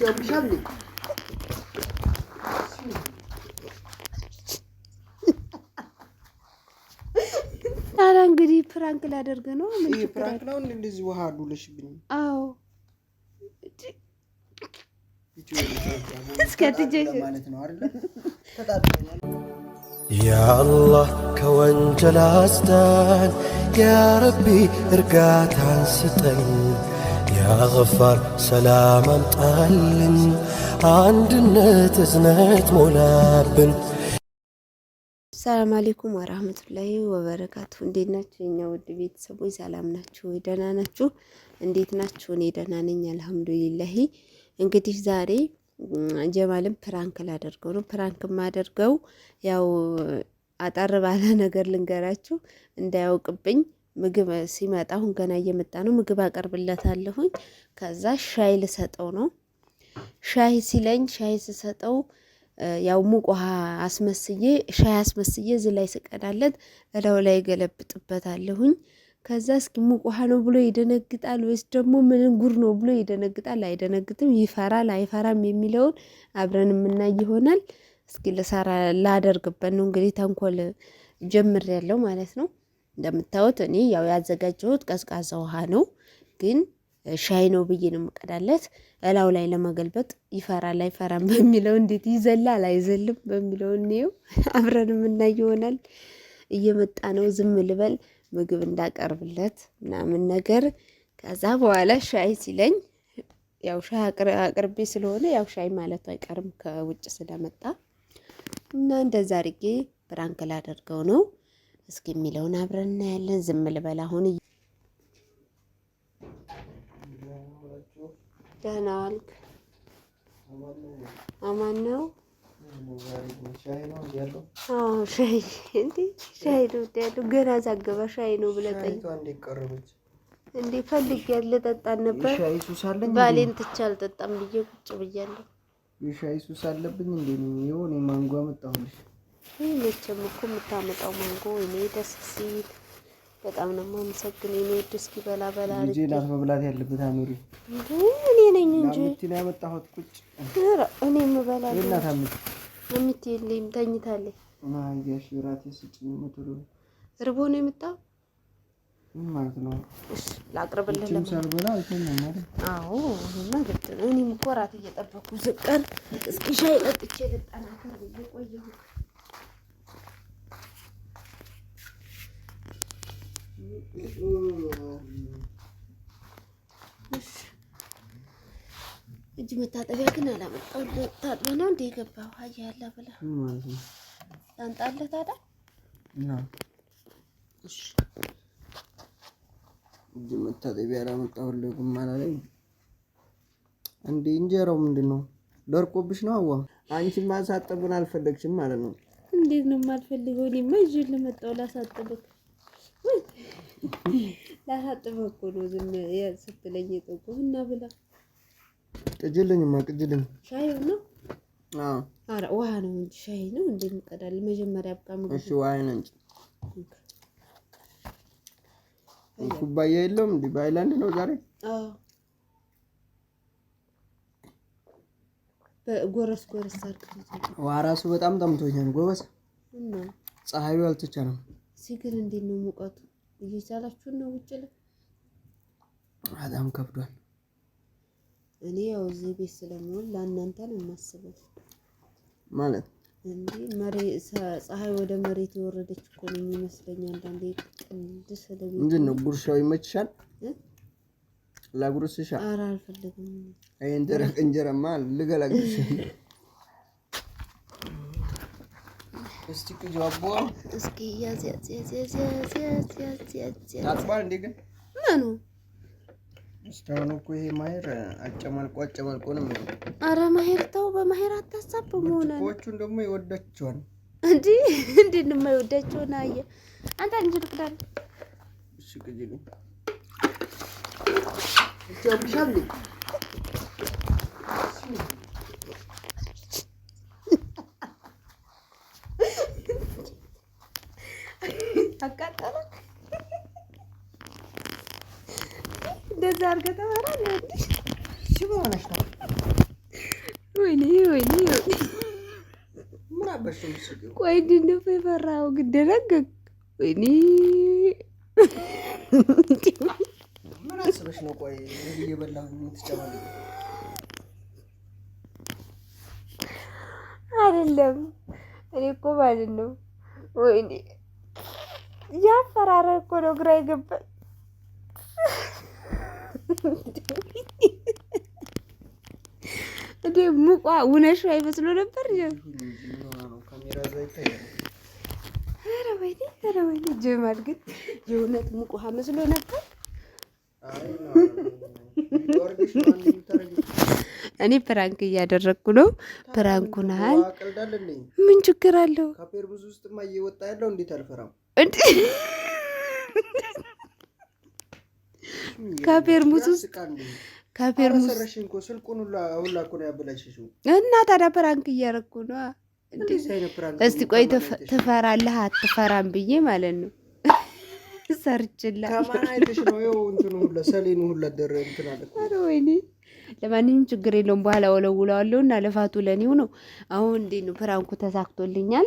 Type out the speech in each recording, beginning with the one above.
Dönmüşem mi? እንግዲህ ፕራንክ ላደርግ ነው። ምን ፕራንክ ነው? እንደዚህ ውሃ ዱለሽብኝ። አዎ ያአላህ ከወንጀል አስዳን፣ ያረቢ እርጋታን ስጠኝ። ያ ሰላም አምጣልን፣ አንድነት እዝነት ሞላብን። ሰላም አሌይኩም ወራህመቱላሂ ወበረካቱ። እንዴት ናችሁ የኛ ውድ ቤተሰቦች? ሰላም ናችሁ ወይ? ደህና ናችሁ? እንዴት ናችሁ? እኔ ደህና ነኝ አልሐምዱሊላሂ። እንግዲህ ዛሬ ጀማልም ፕራንክ ላደርገው ነው። ፕራንክ ማደርገው ያው አጠር ባለ ነገር ልንገራችሁ እንዳያውቅብኝ ምግብ ሲመጣ አሁን ገና እየመጣ ነው። ምግብ አቀርብለታለሁኝ። ከዛ ሻይ ልሰጠው ነው። ሻይ ሲለኝ ሻይ ስሰጠው ያው ሙቅ ውሃ አስመስዬ ሻይ አስመስዬ እዚህ ላይ ስቀዳለት እላው ላይ ገለብጥበታለሁኝ። ከዛ እስኪ ሙቅ ውሃ ነው ብሎ ይደነግጣል ወይስ ደግሞ ምን ጉር ነው ብሎ ይደነግጣል አይደነግጥም፣ ይፈራል አይፈራም የሚለውን አብረን የምናይ ይሆናል። እስኪ ልሰራ ላደርግበት ነው እንግዲህ ተንኮል ጀምር ያለው ማለት ነው። እንደምታዩት እኔ ያው ያዘጋጀሁት ቀዝቃዛ ውሃ ነው፣ ግን ሻይ ነው ብዬ ነው የምቀዳለት። እላው ላይ ለመገልበጥ ይፈራል አይፈራም በሚለው እንዴት ይዘላል አይዘልም በሚለው እኔው አብረን የምናይ ይሆናል። እየመጣ ነው፣ ዝም ልበል ምግብ እንዳቀርብለት ምናምን ነገር። ከዛ በኋላ ሻይ ሲለኝ ያው ሻይ አቅርቤ ስለሆነ ያው ሻይ ማለቱ አይቀርም ከውጭ ስለመጣ እና እንደዛ አድርጌ ብራንክ ላደርገው ነው እስኪ የሚለውን አብረን እናያለን። ዝም ልበል አሁን። ደህና ዋልክ? አማን ነው። ሻይ ሻይ ነው ገና ዛገባ ሻይ ነው ብለህ ጠይቅ እንዴ ፈልግ ያለ ጠጣን ነበር። ባሌን ትቼ አልጠጣም ብዬ ቁጭ ብያለሁ። የሻይ ሱስ አለብኝ እንዴ? ይሁን ማንጓ መጣሁልሽ ይህ መቼም እኮ የምታመጣው ማንጎ እኔ ደስ ሲል በጣም ነው የማመሰግን። እኔ ውድ በላ በላ ልጅ ናት መብላት ያለበት አኑሪ እኔ ነኝ እንጂ ምቲ ያመጣሁት። ቁጭ እኔ የምበላ እናት አምት አምት የለኝም ተኝታለች። ማያሽ ራት ስጭ ምትሉ ርቦ ነው የመጣው ማለት ነው። ላቅርብልህ ሳልበላ አልተኛም አዎ እና ግድ እኔም እኮ ራት እየጠበኩ ዝቀን እስኪ ሻይ ጠጥቼ ልጠናከር እጅ መታጠቢያ ግን አላመጣው። ታጥቦ ነው እንደ የገባው አያለ ብላ ላምጣልህ ታዲያ። እጅ መታጠቢያ አላመጣሁልህ ግን እንጀራው ምንድን ነው ደርቆብሽ ነው? አዋ አንቺ አልፈለግሽም ማለት ነው። እንዴት ነው የማልፈልገው? እኔማ ላሳጥብህ ላሳጥብህ እኮ ነው ዝም ስትለኝ እና ብላ ቅጅልኝማ ቅጅልኝ ሻይ ነው። ኧረ ውሃ ነው እንጂ ሻይ ነው እንዴ? እንቀዳለን መጀመሪያ በቃ ምግብ። እሺ ውሃ ነው እንጂ ኩባያ የለውም እንዴ? በአይላንድ ነው ዛሬ። ጎረስ ጎረስ አድርገን ውሃ ራሱ በጣም ጠምቶኛል። ጎበዝ ፀሐዩ አልተቻለም። ሲግር እንዴት ነው ሙቀቱ? እየቻላችሁን ነው ውጭ ላይ በጣም ከብዷል። እኔ ያው እዚህ ቤት ስለምሆን ለእናንተ ነው የማስበው። ማለት እንዴ ፀሐይ ወደ መሬት የወረደች እኮ ነው የሚመስለኝ አንዳንዴ። ቅድ ምንድን ነው ጉርሻው ይመችሻል? ላጉርስሻ? ኧረ አልፈልግም። ይሄን እንጀራ እንጀራማ ልገላግልሽ። እስቲ ቅጃቦ እስኪ ያዝ ያዝ ያዝ ያዝ ያዝ ያዝ ያዝ እንዴ ግን ምኑ እስካሁን እኮ ይሄ ማሄር አጨማልቆ አጨማልቆ ነው። አረ ማሄር ተው፣ በማሄር አታሳብ። መሆነ ዎቹን ደግሞ ይወዳቸዋል። እንዲ እንዴት የማይወዳቸውን አየ አንተ እንጂ ልቅዳል እሺ ቅጅ እንደዛ አድርገህ ተባራል። ሽቦ ሆነሽ ነው። ወይኔ ወይኔ ወይኔ ምን አበሽ? ቆይ እንዲህ የፈራው። ግን ወይኔ ምን አስበሽ ነው? ቆይ እየበላሁ የምትጨማል አይደለም። እኔ እኮ ማለት ነው ወይኔ ያፈራረ እኮ ነው ግራ የገባኝ። እንደ ሙቋ ውነሽ አይመስሎ ነበር። ኧረ ወይኔ ኧረ ወይኔ ጀማል ግን የእውነት ሙቋ መስሎ ነበር። እኔ ፕራንክ እያደረግኩ ነው። ፕራንኩን አል ምን ችግር አለው? ከፌርሙስ ከፌርሙስ እና ታዲያ ፕራንክ እያረኩ ነው። እስቲ ቆይ ትፈራለህ አትፈራም ብዬ ማለት ነው ሰርችላል። ለማንኛውም ችግር የለውም። በኋላ ወለውለዋለሁ እና ልፋቱ ለእኔው ነው። አሁን እንዴት ነው ፕራንኩ ተሳክቶልኛል።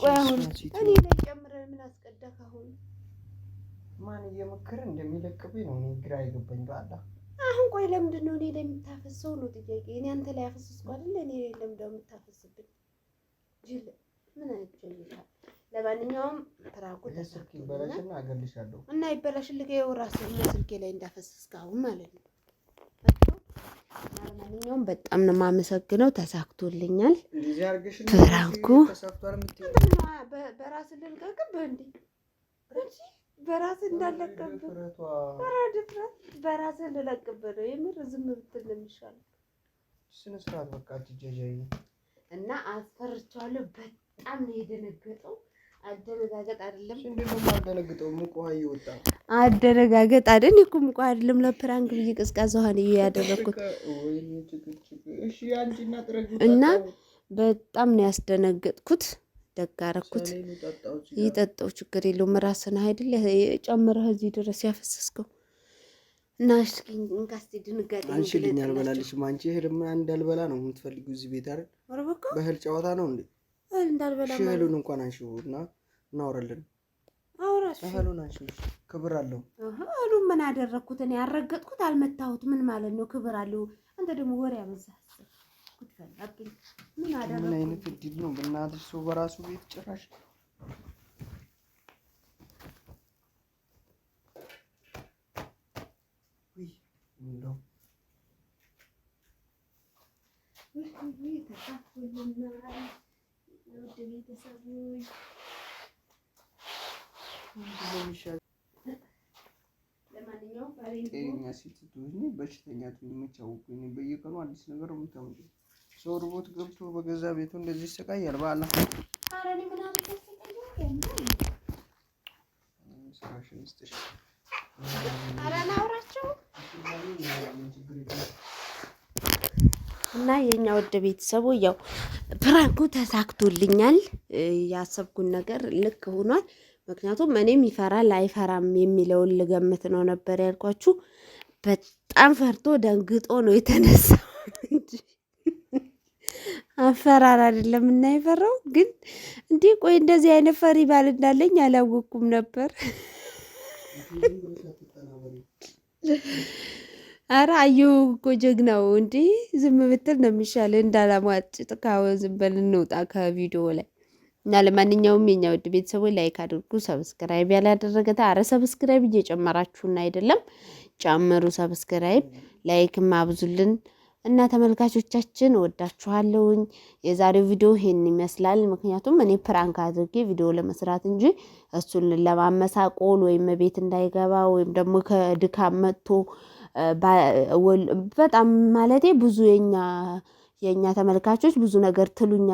ቆይ አሁን እኔ ላይ ጨምረን ምን አስቀዳህ? አሁን ማን እየመከረ እንደሚለቅብኝ ነው እኔ ግራ የገባኝ በኋላ አሁን ቆይ ለምንድን ነው እኔ ላይ የምታፈሰው ነው ጥያቄ። እኔ አንተ ላይ አፈሰስኩ አይደል? እኔ ላይ ለምንድን ነው የምታፈስብኝ? ጅል ምን አይጨይታ። ለማንኛውም ፍራቁ ተሰክቶ ይበላሽና አገልሻለሁ እና ይበላሽልከ የውራስ ስልኬ ላይ እንዳፈሰስከ አሁን ማለት ነው ለማንኛውም በጣም ነው የማመሰግነው። ተሳክቶልኛል ፕራንኩ። በራስ ልልቀቅብ እንዴ? በራስ እንዳለቀብህ ድፍረት፣ በራስ ልለቅብህ ነው የምር። ዝም ብትል ነው የሚሻለው። ስነስርዓት በቃ ትጃጃይ እና አስፈርቻለሁ። በጣም ነው የደነገጠው አደረጋገጥ አይደለም እኮ ሙቀ አይደለም ለፕራንክ ብዬ ቅዝቃዜ ውሃን እዩ ያደረኩት እና በጣም ነው ያስደነገጥኩት። ደጋረኩት አደረኩት። ይጠጣው ችግር የለውም። ራስን አይደል ጨምረህ እዚህ ድረስ ያፈሰስከው እና እስኪ ድንጋጤ አንቺልኝ አልበላልሽም። አንቺ ህልም እንዳልበላ ነው የምትፈልጊው እዚህ ቤት አይደል? በህል ጨዋታ ነው እንዴ? እንዳልበላ ሽህሉን እንኳን አንሽው እና እናወራለን። አሁን አንቺ ክብር አለው አሉ። ምን አደረግኩት እኔ? ያረገጥኩት አልመታሁት። ምን ማለት ነው? ክብር አለው። አንተ ደግሞ ወሬ አበዛ። ምን አይነት እድል ነው በእናትሽ! ሰው በራሱ ቤት ጭራሽ ጤነኛ ሴት ትሁኝ በሽተኛ በየቀኑ አዲስ ነገር ሰው ርቦት ገብቶ በገዛ ቤቱ እንደዚህ ይሰቃያል። በኋላ እና የኛ ወደ ቤተሰቡ ያው ፕራንኩ ተሳክቶልኛል። ያሰብኩን ነገር ልክ ሆኗል። ምክንያቱም እኔም ይፈራል አይፈራም የሚለውን ልገምት ነው ነበር ያልኳችሁ። በጣም ፈርቶ ደንግጦ ነው የተነሳው እንጂ አፈራር አይደለም እና የፈራው ግን እንዲህ ቆይ እንደዚህ አይነት ፈሪ ባል እንዳለኝ አላወቅኩም ነበር። አረ አየሁ እኮ ጀግናው እንዲህ ዝም ብትል ነው የሚሻል። እንዳላሟጭ ጥካወ ዝም በል እንውጣ ከቪዲዮ ላይ እና ለማንኛውም የኛ ውድ ቤተሰቦች ላይክ አድርጉ። ሰብስክራይብ ያላደረገ አረ ሰብስክራይብ እየጨመራችሁና አይደለም፣ ጨምሩ። ሰብስክራይብ ላይክም አብዙልን እና ተመልካቾቻችን ወዳችኋለሁኝ። የዛሬው ቪዲዮ ይሄን ይመስላል። ምክንያቱም እኔ ፕራንክ አድርጌ ቪዲዮ ለመስራት እንጂ እሱን ለማመሳቆል ወይም ቤት እንዳይገባ ወይም ደግሞ ከድካም መጥቶ በጣም ማለቴ ብዙ የኛ የእኛ ተመልካቾች ብዙ ነገር ትሉኛል